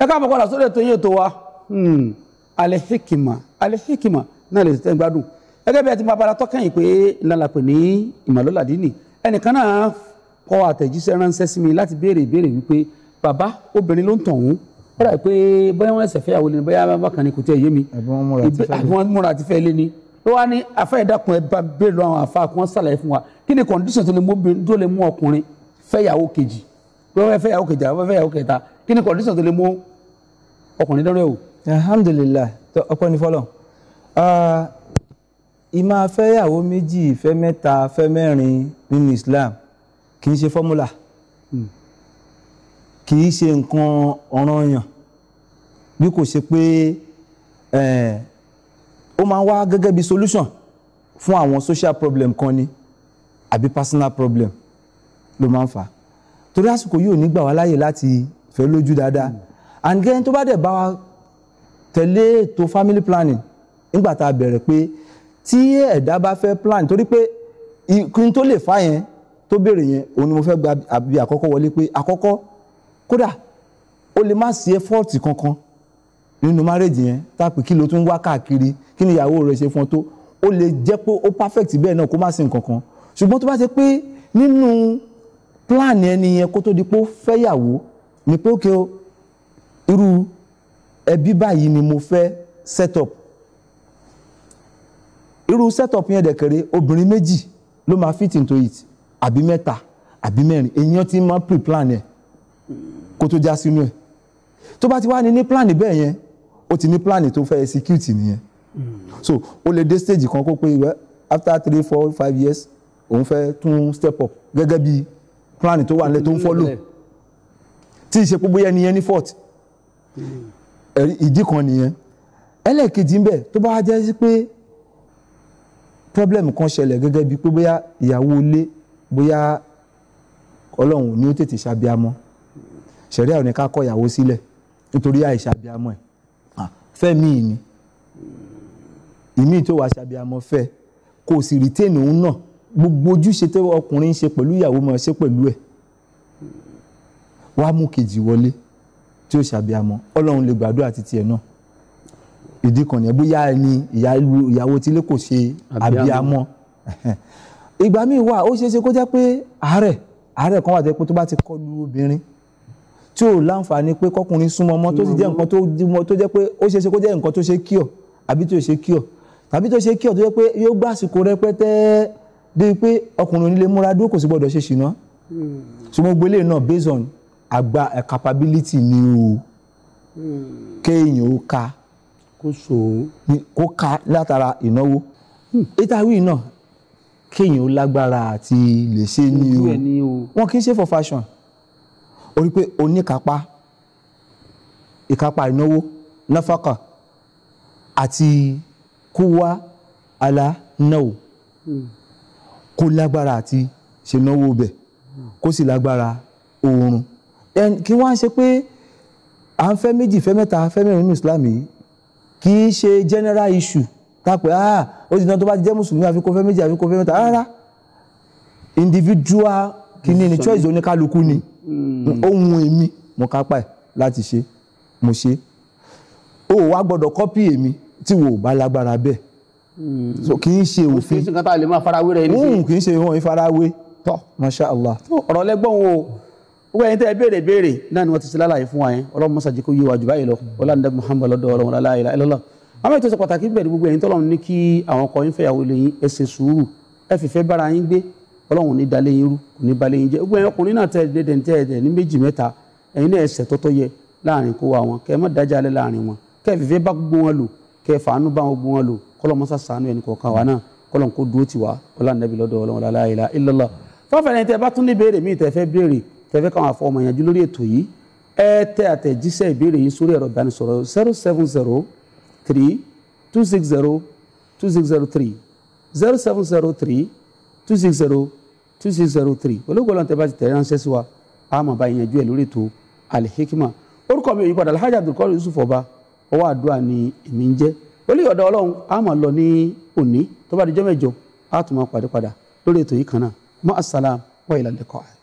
ẹ káàmọ́ padà sórí ètò yín ètò wa alẹ́sìkìmọ̀ hmm. alẹ́sìkìmọ̀ náà lè tẹ́ gbádùn gẹ́gẹ́ bí ẹ ti máa bára tọ́kẹ́yìn pé lálàpẹ̀ ní ìmọ̀lọ́làdínì ẹnìkan náà kọ àtẹ̀jíṣẹ́ ránṣẹ́ sí mi láti béèrè ìbéèrè wípé bàbá obìnrin ló ń tàn òun ó rà pé bóyá wọn ẹsẹ̀ fẹ́yàwó ni bóyá bákan ni kò tẹ́ yé mi àbúrò múra àti fẹ́ lé ni ló wá ní afẹ́yẹ̀dàkùn ẹ bá béèrè lọ àwọn àfa kí wọ́n ṣàlàyé fún wa kí ni condition tó lè mú ọkùnrin fẹ́yàwó kejì pé wọ́n fẹ́ yàwó kẹjà wọ́n fẹ́ yàwó kẹta kí ni condition tó lè mú ọkùnrin dọ́rẹ́ o. alhamdulilayi ọpẹ́ ni fọlọ ìmá fẹ́yàwó méjì fẹ́ mẹ́ta fẹ́ mẹ́rin nínú Islam kì í ṣe fọ́múlà hmm. kì í ṣe nǹkan ọ̀ranyàn bí kò ṣe pé ó máa ń wá gẹ́gẹ́ bí solution fún àwọn social problem kan ni àbí personal problem ló máa ń fà á torí àsìkò yóò nígbà wá láyè láti fẹ́ lójú dáadáa and gẹ́gẹ́ tó bá dẹ̀ bá wa tẹ̀lé ètò family planning nígbà tá a bẹ̀rẹ̀ pé tí ẹ̀dá bá fẹ́ plan torí pé ìkíni tó lè fà yẹn tó béèrè yẹn òun ni mo fẹ́ gba àbí àkọ́kọ́ wọlé pé àkọ́kọ́ kódà ó lè má sí effort kankan nínú marriage yẹn tápì kí ló tún wá káàkiri kí ni ìyàwó rẹ ṣe fún ọ tó ó lè jẹ́ pé ó perfect bẹ́ẹ̀ náà kó má sí nǹkan kan ṣùgbọ́n tó bá ṣe pé nínú plan ẹni yẹn kó tó di pé ó fẹ́yàwó ni pé ókè o irú ẹbí báyìí ni mo fẹ́ set up irú set up yẹn dẹ̀kẹ̀rẹ̀ obìnrin méjì ló máa fit into it àbí mẹ́ta àbí mẹ́rin èèyàn ti máa pre plan ẹ̀ kó tó já sínú ẹ̀ tó bá ti wá ní ní plan bẹ́ẹ̀ yẹn ó ti ní plan tó fẹ́ execute nìyẹn so ó lè dé stage kan kó pé after three four five years òun fẹ́ tún step up gẹ́gẹ́ bíi plan tó wà nílẹ̀ tó ń fọ́lò tí ìṣe pé bóyá ẹniyẹn ní fort ìdí kan nìyẹn ẹlẹ́ẹ̀kejì ń bẹ tó bá wá jẹ́ sí pé problem kan ṣẹlẹ̀ gẹ́gẹ́ bíi pé bóyá ìyàwó ilé bóyá ọlọ́run ni ó tètè ṣàbíamọ́ ṣẹ̀rí àwọn ẹ̀ka kọ ìyàwó sílẹ̀ nítorí àìṣàbíamọ́ ẹ̀ fẹ́ míì ni ìmíì tó wàá ṣàbíamọ́ fẹ́ kò sì rìtẹ́ẹ̀nì náà gbogbo ojúṣe tí ọkùnrin ń ṣe pẹ̀lú ìyàwó máa ṣe pẹ̀lú ẹ̀ wàá mú kejì wọlé tí ó ṣàbíamọ ọlọ́run lè gbàdúrà títí ẹ̀ náà ìdí kan nìyẹn bóyá ẹni ìyàwó tilé kò ṣe àbíamọ ìgbà míì wà ó ṣeéṣe kó jẹ́ pé àárẹ̀ àárẹ̀ kan wà tó pé tó bá ti kọlu obìnrin tí ò láǹfààní pé kọkùnrin súnmọ́ ọmọ tó sì jẹ́ nǹkan tó jẹ́ pé ó ṣeéṣe kó jẹ́ nǹkan tó ṣe kíọ̀ àbí tó ṣe kíọ̀ tàbí tó ṣe kíọ̀ tó jẹ́ pé yóò gbàsìkò rẹpẹtẹ débi pé ọkùnrin onílé múra dúró kò sí gbọ́dọ̀ ṣe ṣìnà so gbélé náà based on àgbà eh, capability ni o kéèyàn ó ka kó ka látara ìnáwó ètàwí náà kéèyàn ó lágbára àti lè ṣe ni o wọn kì í ṣe for fashion o rí pé oníkápá ìkápá ìnáwó náfàkà àti kúwá alánáwó. Mm kó lágbára àti ṣe náwó bẹ̀ kó sì lágbára oorun kí wọ́n á ṣe pé à ń fẹ́ méjì fẹ́ mẹ́ta fẹ́ mẹ́rin nínú Islam yìí kì í ṣe general issue tápẹ́ ah ó ti dán tó bá jẹ́ mùsùlùmí àfi kó fẹ́ méjì àfi kó fẹ́ mẹ́ta rárá individual kìíní ni choice oníkálukú ni hmm. ohun èmi mo kápá ẹ̀ láti ṣe mo ṣe o ò wá gbọ́dọ̀ kọ́pì èmi tí wo ò bá lágbára bẹ́ẹ̀ so kì í ṣe òfin òfin kan tá a lè máa farawé rẹ nísìnyí kì í ṣe wọn ìfarawé tọ masha allah. ọ̀rọ̀ lẹ́gbọ̀n o wọ́n ẹni tẹ́ ẹ béèrè béèrè náà ni wọ́n ti ṣe lálàyé fún wa yẹn ọlọ́run mọ́sá jẹ́ kó yé wa jù báyìí lọ ọlọ́run muhammed lọ́dọ̀ ọlọ́run aláìlá ẹlọ́lá àwọn ètò ìṣe pàtàkì bẹ̀rẹ̀ gbogbo ẹ̀yin tọ́lọ́run ní kí àwọn ọkọ yín fẹ́yàwó lè yín ẹ ṣe sùúrù ẹ fìfẹ́ bára yín gbé ọlọ́run ní dalẹ̀ yín rú kò ní balẹ̀ yín jẹ́ gbogbo ẹ̀yin ọkùnrin náà tẹ́ ẹ̀ tẹ́ ẹ̀ ní méjì mẹ́ta ẹ̀yin náà ẹ̀ṣẹ̀ tọ́tọ́ yẹ láàrin kó wa wọn kẹ́ ẹ má dájà alẹ́ láàrin wọn kẹ́ ẹ fìfẹ́ bá gbogbo wọn lò kẹ́ ẹ fàánú bá wọn gbogbo wọn lò kọlọ́n mọ́sá ni ẹni kọ̀ọ̀kan wa náà kọlọ́n kó dúró tiwa ọlá nàbí lọ́dọ̀ ọlọ́run la ilaha illallah fáfẹ́rẹ́ tẹ bá tún ní béèrè míì tẹ fẹ́ béèrè tẹ fẹ́ káwọn afọmọ yanjú lórí ètò yìí ẹ tẹ àtẹ̀jíṣẹ́ ìbéèrè yìí sórí ẹ̀rọ ìbánisọ̀rọ̀ zero seven zero three two six zero two six zero three zero seven zero three two six zero two six zero three olóògbọ́lọ́n tẹ bá ti tẹ̀ ránṣẹ́ sí wa àmọ́ bá yanjú ẹ̀ lórí ètò Al Hikmat orúkọ mi ò yípadà Alhaji Abdulkadir Yusuf Ọba ọwọ́ àdúrà ni èmi ń jẹ́ pẹ̀lú ìyọ̀dọ̀ ọlọ́run a máa lọ ní òní tó bá di jọ́ mẹ́jọ a tún máa pàdé padà lórí ètò yìí kan náà mọ́ àsálàm wa ilal liqa.